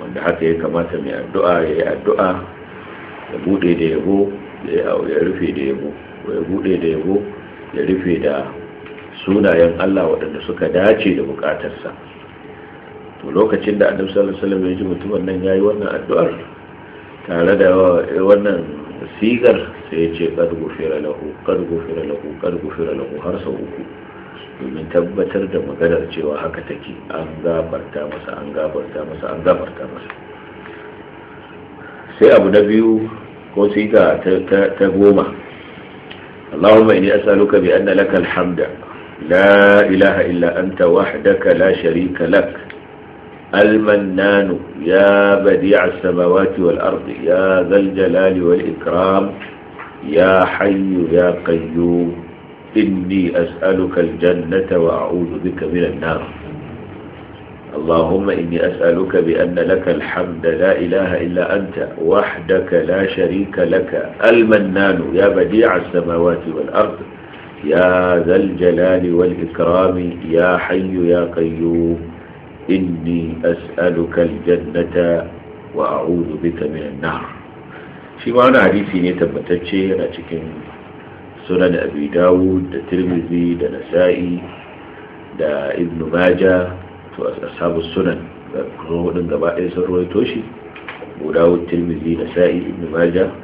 wanda haka ya kamata mai addu'a ya yi addu'a ya bude da yabo ya rufe da yabo ya buɗe da yabo ya rufe da sunayen Allah waɗanda suka dace da buƙatarsa. to lokacin da annabi sallallahu alaihi wasallam ya ji mutumin nan yayi wannan addu'ar tare da wannan sigar sai ya ce qad gufira lahu qad gufira lahu qad gufira lahu har sau uku domin tabbatar da maganar cewa haka take an gabarta masa an gabarta masa an gabarta masa sai abu na biyu ko sai ta ta goma Allahumma inni as'aluka bi anna laka alhamda la ilaha illa anta wahdaka la sharika lak ya يا بديع السماوات ya يا jalali wal ikram ya حي ya قيوم إني أسألك الجنة وأعوذ بك من النار اللهم إني أسألك بأن لك الحمد لا إله إلا أنت وحدك لا شريك لك المنان يا بديع السماوات والأرض يا ذا الجلال والإكرام يا حي يا قيوم إني أسألك الجنة وأعوذ بك من النار في معنى حديثي نتبتتشي أنا sunan abi dawud da tirmidhi da nasa'i da ibnu majah to ashabu sunan da kuma wadin gaba ɗaya sun rawaito shi abu dawud tirmidhi nasa'i ibnu majah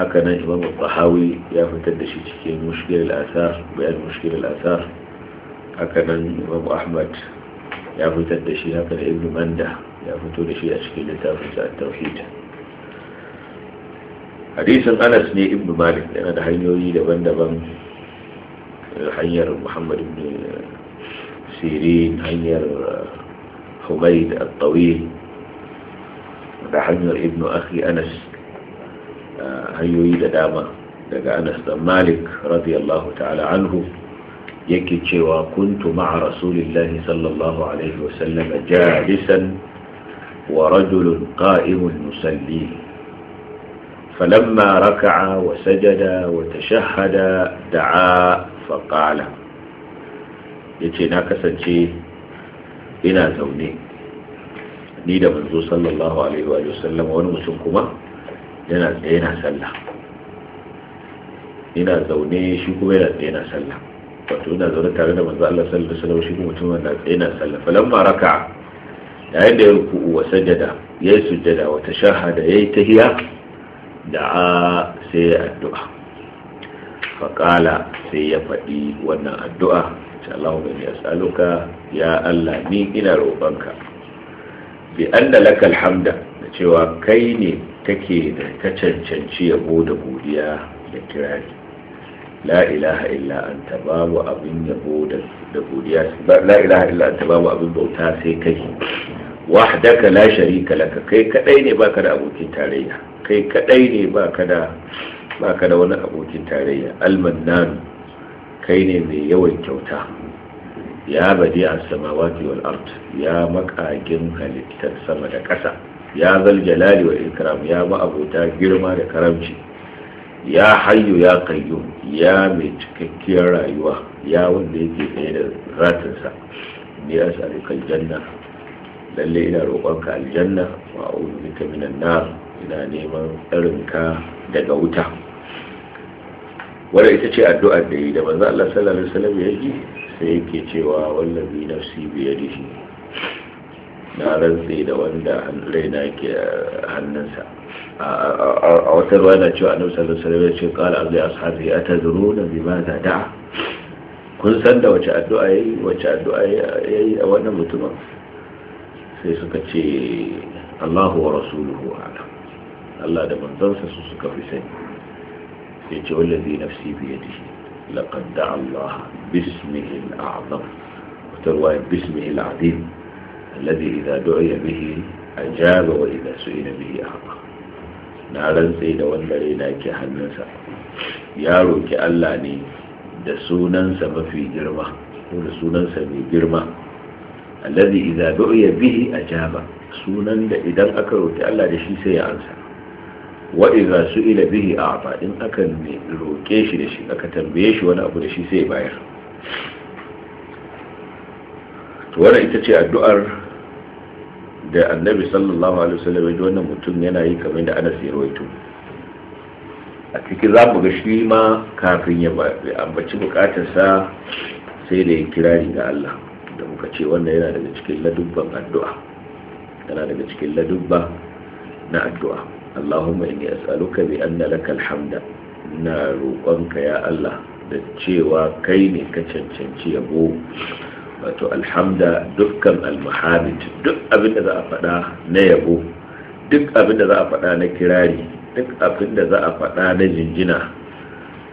haka nan imam al ya fitar da shi cikin mushkil al bayan mushkil al-athar haka nan imam ahmad ya fitar da shi haka da ibnu manda ya fito da shi a cikin littafin a at-tauhid hadisin anas ne ibnu malik yana da hanyoyi daban-daban hanyar muhammad ibn sirin hanyar humaid al-tawil da hanyar ibnu akhi anas hanyoyi da dama daga anas dan malik radiyallahu ta'ala anhu yake cewa kuntu ma'a rasulillahi sallallahu alaihi wasallam jalisan ورجل قائم يصلي فلما ركع وسجد وتشهد دعا فقال yace na kasance ina zaune ni da manzo sallallahu alaihi wa sallam wani mutum kuma yana tsaye yana sallah ina zaune shi kuma yana tsaye yana sallah wato ina zaune tare da manzo Allah sallallahu alaihi wa shi kuma mutum yana tsaye yana sallah falamma raka'a yayin da ya ruku'u wa sajada yayi sujada wa tashahada yayi tahiyya da'a sai ya addu'a faƙala sai ya faɗi wannan addu'a shallahu ya yasaluka ya Allah ni ina roƙonka bi an da lakal hamda da cewa kai ne take da ta cancanci yabo da godiya da kirari la ilaha illa anta babu abin yabo da godiya la ilaha illa anta babu abin bauta sai kai wahdaka la sharika laka kai kadai ne baka da abokin tarayya kai kadai ne baka da baka da wani abokin tarayya al-mannan kai ne mai yawan kyauta ya badi as samawati wal ard ya makagin halittar sama da ƙasa ya zal jalali wa ikram ya ba abota girma da karamci ya hayyu ya qayyum ya mai cikakkiyar rayuwa ya wanda yake tsaye da ratinsa ni as'aluka janna. lalle ina roƙonka aljanna wa a'udhu minan nar ina neman tsarinka daga wuta wadda ita ce addu'ar da yi da manzo Allah sallallahu alaihi wasallam ya ji sai yake cewa wallahi nafsi bi yadihi na rantsi da wanda raina ke hannunsa a wata ruwa na cewa annabi sallallahu alaihi wasallam ya ce qala abdi ashabi atadruna bima da. kun san da wace addu'a yayi wace addu'a yayi a wannan mutumin sai suka ce Allahu wa rasuluhu alam Allah da manzon sa su suka fi sai sai ce wallahi nafsi bi yadi laqad da'a Allah bismihi al-a'zam wa tarwaya bismihi al'azim alladhi idha du'iya bihi ajaba wa idha su'ila bihi aqa na rantse da wanda rai raina ke hannunsa ya roki Allah ne da sunansa mafi girma ko da sunansa mai girma allazi idza du'iya bihi ajaba sunan da idan aka roki Allah da shi sai ya ansa wa idza su'ila bihi a'ta in aka ne roke shi da shi aka tambaye shi wani abu da shi sai ya bayar to wannan ita ce addu'ar da annabi sallallahu alaihi wasallam ya wannan mutum yana yi kamar da Anas ya rawaito a cikin za mu ga shi ma kafin ya ambaci bukatarsa sai da ya kirari ga Allah da muka ce wannan yana daga cikin ladubban addu'a yana daga cikin ladubba na addu'a Allahumma inni as'aluka bi anna laka alhamda ina roƙonka ya Allah da cewa kai ne ka cancanci yabo wato alhamda dukkan almuhamid duk abin da za a faɗa na yabo duk abin da za a faɗa na kirari duk abin da za a faɗa na jinjina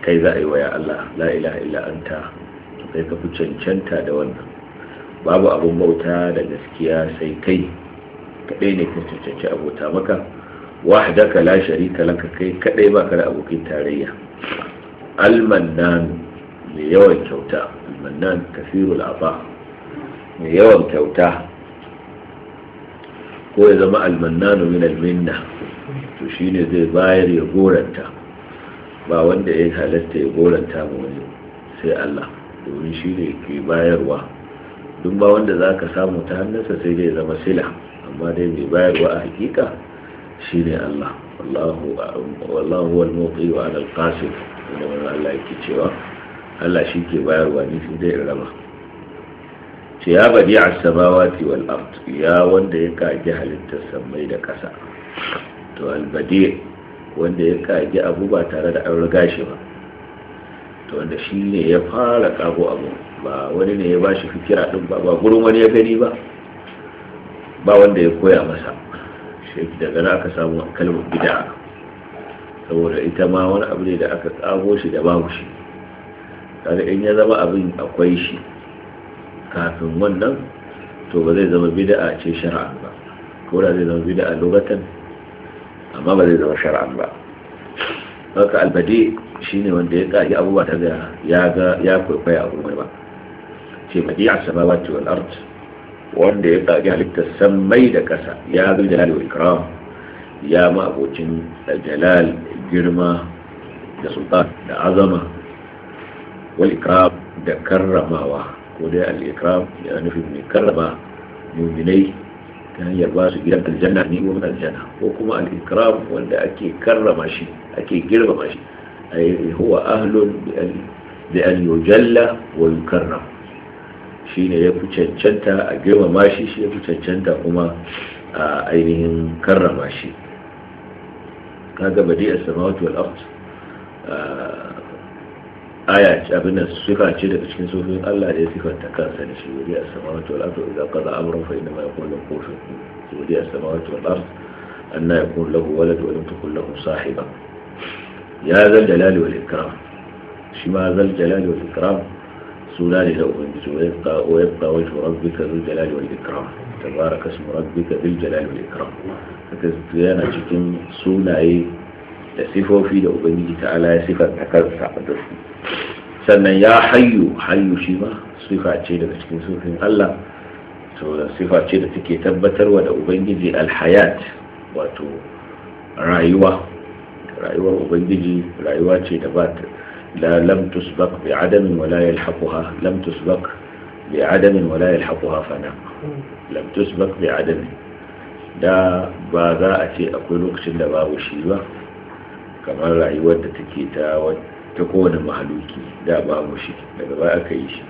kai za a yi wa ya Allah la ilaha illa anta kai ka fi cancanta da wannan babu abin bauta da gaskiya sai kai kadai ne ka cancanci abota maka wahdaka la sharika laka kai kadai ka da abokin tarayya almannan mai yawan kyauta almannan afa mai yawan kyauta ko ya zama almannanu min minna to shine zai bayar ya goranta ba wanda ya halatta ya goranta ba wani sai Allah domin shine ke bayarwa duk ba wanda za ka samu ta hannunsa sai dai zama sila amma dai mai bayarwa a hakika shi ne Allah wallahu wal mawqi wa al qasim inda wannan Allah yake cewa Allah shi ke bayarwa ni sai dai raba ce ya badi as samawati wal ard ya wanda ya kage halittar samai da ƙasa to al badi wanda ya kage abu ba tare da an riga shi ba to wanda shi ne ya fara kago abu ba wani ne ya ba shi fikira din ba ba gurin wani ya gani ba ba wanda ya koya masa shi daga na aka samu kalmar bid'a saboda ita ma wani abu ne da aka kago shi da babu shi kaga in ya zama abin akwai shi kafin wannan to ba zai zama bid'a ce shara'an ba ko da zai zama bid'a lokacin amma ba zai zama shari'ar ba haka albade ne wanda ya ƙari abubuwa ta ga ya kwaikwaya a gurin ba ce badi'a samawati wal Art. wanda ya ƙari halittar Mai da ƙasa ya zai jalal wa ikram ya ma abocin jalal girma da sultan da azama wal ikram da karramawa ko dai al ikram ya nufin mai karrama muminai ta hanyar ba su gidan aljanna ne ko aljanna ko kuma al-ikram wanda ake karrama shi ake girmama shi ai huwa ahlun bi an yujalla wa yukarram shine ya fi cancanta a girmama shi shi ya fi cancanta kuma a ainihin karrama shi kaga badi as-samawati wal ard ah, aya ce abin da suka ce daga cikin sufin Allah da ya sifanta kansa da shi wuri a samawati wal ardi idan kaza amran fa innama yakunu lahu kufuwan ahad wuri a samawati wal ardi anna yakunu lahu walad wa lam takun lahu sahiba ya zal jalali wal ikram shi ma zal jalali wal ikram suna ne da ubangiji wa yabqa wa yabqa wajhu rabbika zal jalali wal ikram tabaraka ismu rabbika zal jalali wal ikram haka yana cikin sunaye da sifofi da ubangiji ta'ala ya sifanta kansa da su sannan ya hayyu hayyu shi ma sifa ce daga cikin sufin Allah to da sifa ce da take tabbatarwa da ubangiji alhayat wato rayuwa rayuwar ubangiji rayuwa ce da ba ta. la lam tusbaq bi adamin wala yalhaquha lam tusbaq bi adamin wala yalhaquha fana lam tusbaq bi adamin da ba za a ce akwai lokacin da babu shi ba kamar rayuwar da take ta ta kowane mahaluki da babu shi daga baya aka yi shi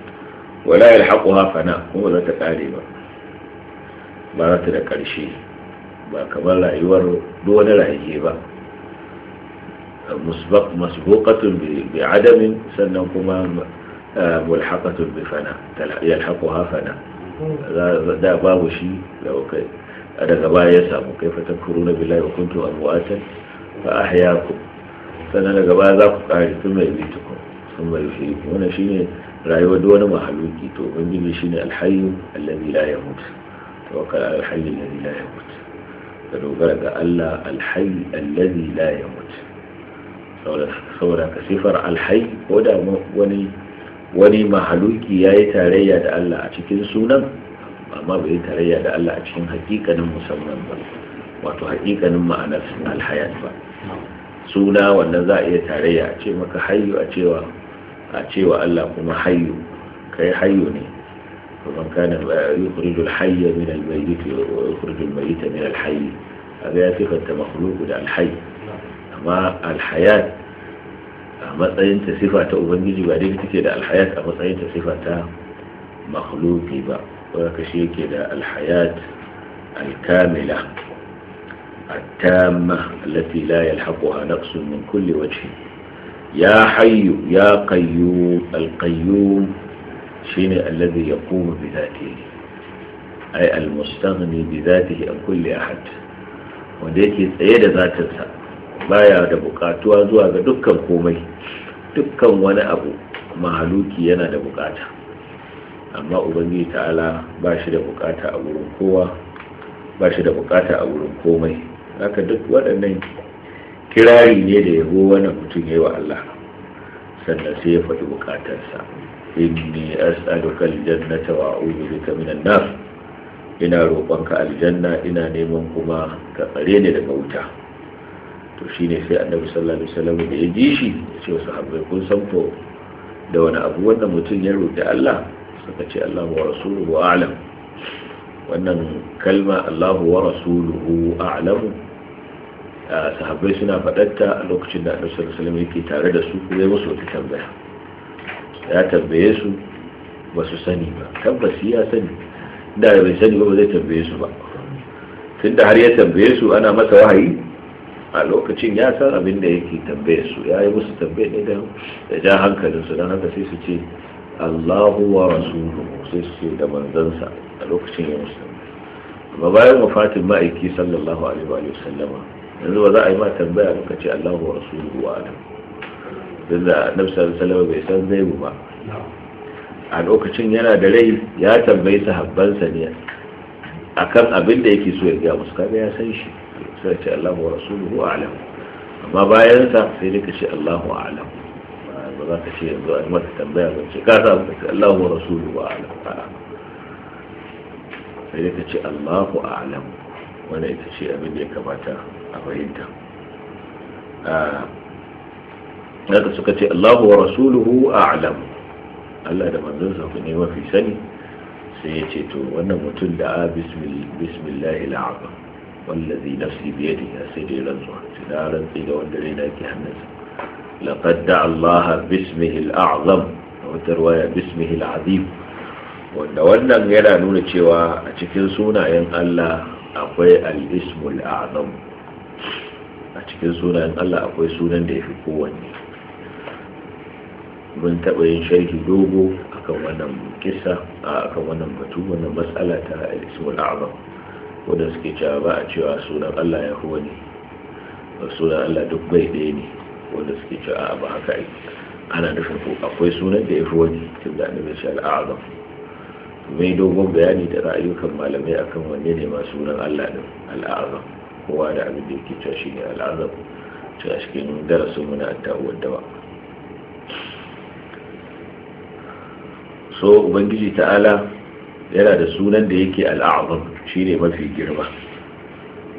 wala hafa na kuma za ta kare ba ba za ta da karshe ba kamar rayuwar duk wani rayuwa ba مسبق مسبوقة بعدم سنكما ملحقة بفنا يلحقها da لا shi daga لو كي أنا kai سامو كيف تذكرون بالله وكنت أمواتا fa ahyaku sannan daga baya za ku kare sun mai bi tukun sun mai shi wannan shine rayuwar duk wani mahaluki to ubangiji shine alhayyu allazi la yamut tawakkal ala alhayy allazi la yamut da dogara ga Allah alhayy allazi la yamut saboda ka sifar alhayy ko da wani wani mahaluki ya yi tarayya da Allah a cikin sunan amma bai yi tarayya da Allah a cikin hakikanin musamman ba wato hakikanin ma'anar alhayat ba suna wannan za a iya tarayya a ce maka hayu a cewa a cewa Allah kuma hayu kai hayu ne kuma kana eh, yukhrijul hayya min al-mayyit wa yukhrijul mayyita min al-hayy kaga ya sifanta makhluq da al-hayy amma al-hayat a matsayin ta sifa ta ubangiji ba dai take da al-hayat a matsayin ta sifa ta makhluqi ba wanda kashi yake da al-hayat al-kamila التامة التي لا يلحقها نقص من كل وجه يا حي يا قيوم القيوم شين الذي يقوم بذاته أي المستغني بذاته عن كل أحد وديك سيد ذات السا بايا دبقاتوا زوا دكا قومي دكا وانا أبو mahaluki yana da bukata amma ubangiji ta'ala ba shi da bukata a wurin kowa ba haka duk waɗannan kirari ne da yabo wani mutum ya yi wa Allah sannan sai ya faɗi bukatarsa inni as'aluka aljannata wa a'udhu bika minan nar ina roƙonka aljanna ina neman kuma ka tsare ni daga wuta to shine sai annabi sallallahu alaihi wasallam da ya ji shi ce wasu sahabbai kun san ko da wani abu wannan mutum ya roƙi Allah suka ce Allah wa rasuluhu a'lam wannan kalma Allahu wa rasuluhu a'lamu sahabbai suna faɗatta a lokacin da Annabi sallallahu alaihi wasallam yake tare da su ya musu wata tambaya ya tambaye su ba su sani ba tabbas ya sani da bai sani ba zai tambaye su ba tunda har ya tambaye su ana masa wahayi a lokacin ya san abin da yake tambaye su ya yi musu tambaye ne da ja hankalinsu don haka sai su ce Allahu wa rasuluhu sai su da manzansa a lokacin ya musulmi amma bayan wafatin ma'aiki sallallahu alaihi wa sallama yanzu ba za a yi ma tambaya muka ce Allahu wa rasuluhu wa alam dan da annabi sallallahu bai san zai ba a lokacin yana da rai ya tambayi sahabbansa ne akan abin da yake so ya ga musu kaga ya san shi sai ce Allahu wa rasuluhu wa alam amma bayan sa sai dai ka ce Allahu a'lam ba za ka ce yanzu a yi mata tambaya ba ce ka samu ka ce Allahu wa rasulu wa alam a'a sai ka ce Allahu alam Wani ita ce abin da ya kamata a fahimta ah, haka suka ce Allahu wa rasuluhu a'lam Allah da manzonsa ku ne mafi sani sai ya ce to wannan mutum da a bismillahi la'aba wallazi nafsi biyadihi sai da rantsuwa sai da rantsi ga wanda rai da ke hannunsa لقد دعا الله باسمه الأعظم وترواية باسمه العظيم wanda wannan yana nuna cewa a cikin sunayen Allah akwai al a cikin sunayen Allah akwai sunan da yafi kowanne mun taɓa yin sharhi dogo akan wannan kissa akan wannan batu wannan matsala, ta al-ismul a'zam suke cewa ba a cewa sunan Allah ya sunan Allah duk bai ɗaya ne wanda suke cewa a ba haka yi ana nufin ko akwai sunan da ya fi wani tun da annabi shi al'azam mai dogon bayani da ra'ayukan malamai akan wanne ne ma sunan Allah din al'azam kowa da abin da yake cewa ne al'azam cewa cikin darasin muna na ta'awud da ba so ubangiji ta'ala yana da sunan da yake al'azam shine mafi girma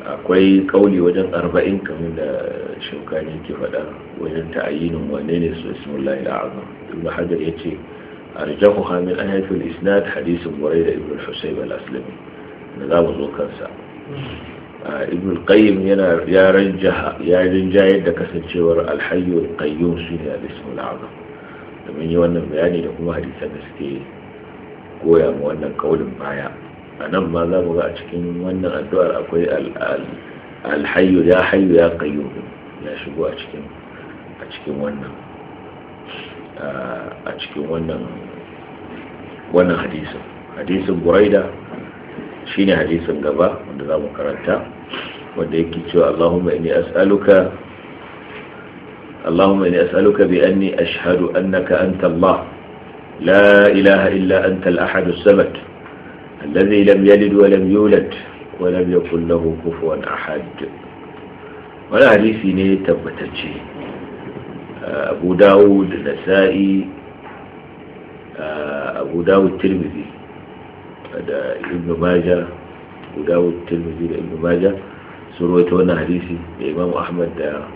akwai kauli wajen arba'in kamar da shaukani yake faɗa wajen ta'ayyinin wanne ne su bismillah al'azam ibn hajar ya ce arjahu hamil an haifin isnad hadisin burai da ibn husayn al-aslami da za mu zo kansa ibn qayyim yana ya ranjaha ya rinjayar da kasancewar alhayyul qayyum su ne al-ismul azam domin yi wannan bayani da kuma hadisan da suke goya ma wannan kaulin baya a nan ma za mu ga a cikin wannan addu'ar akwai alhayu ya hayu ya qayyum ya shigo a cikin a cikin wannan a cikin wannan wannan hadisin hadisin buraida shine hadisin gaba wanda za mu karanta wanda yake cewa Allahumma inni as'aluka اللهم إني أسألك بأني أشهد أنك أنت الله لا إله إلا أنت الأحد السمد الذي لم يلد ولم يولد ولم يكن له كفوا أحد wani hadisi ne tabbatacce uh, abu dawud nasa'i uh, abu dawud tirmidhi da ibn majah abu dawud tirmidhi da ibn majah sun rawaita hadisi da imam ahmad da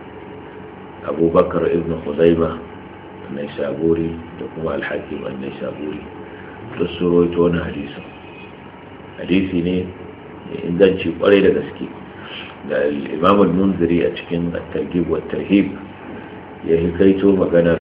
abubakar ibn khuzaima na shagori da kuma alhakim an shagori da sun rawaita wani hadisi hadisi ne inganci kwarai da gaske da imam al-munziri a cikin at-targhib wa at-tarhib ya hikaito maganar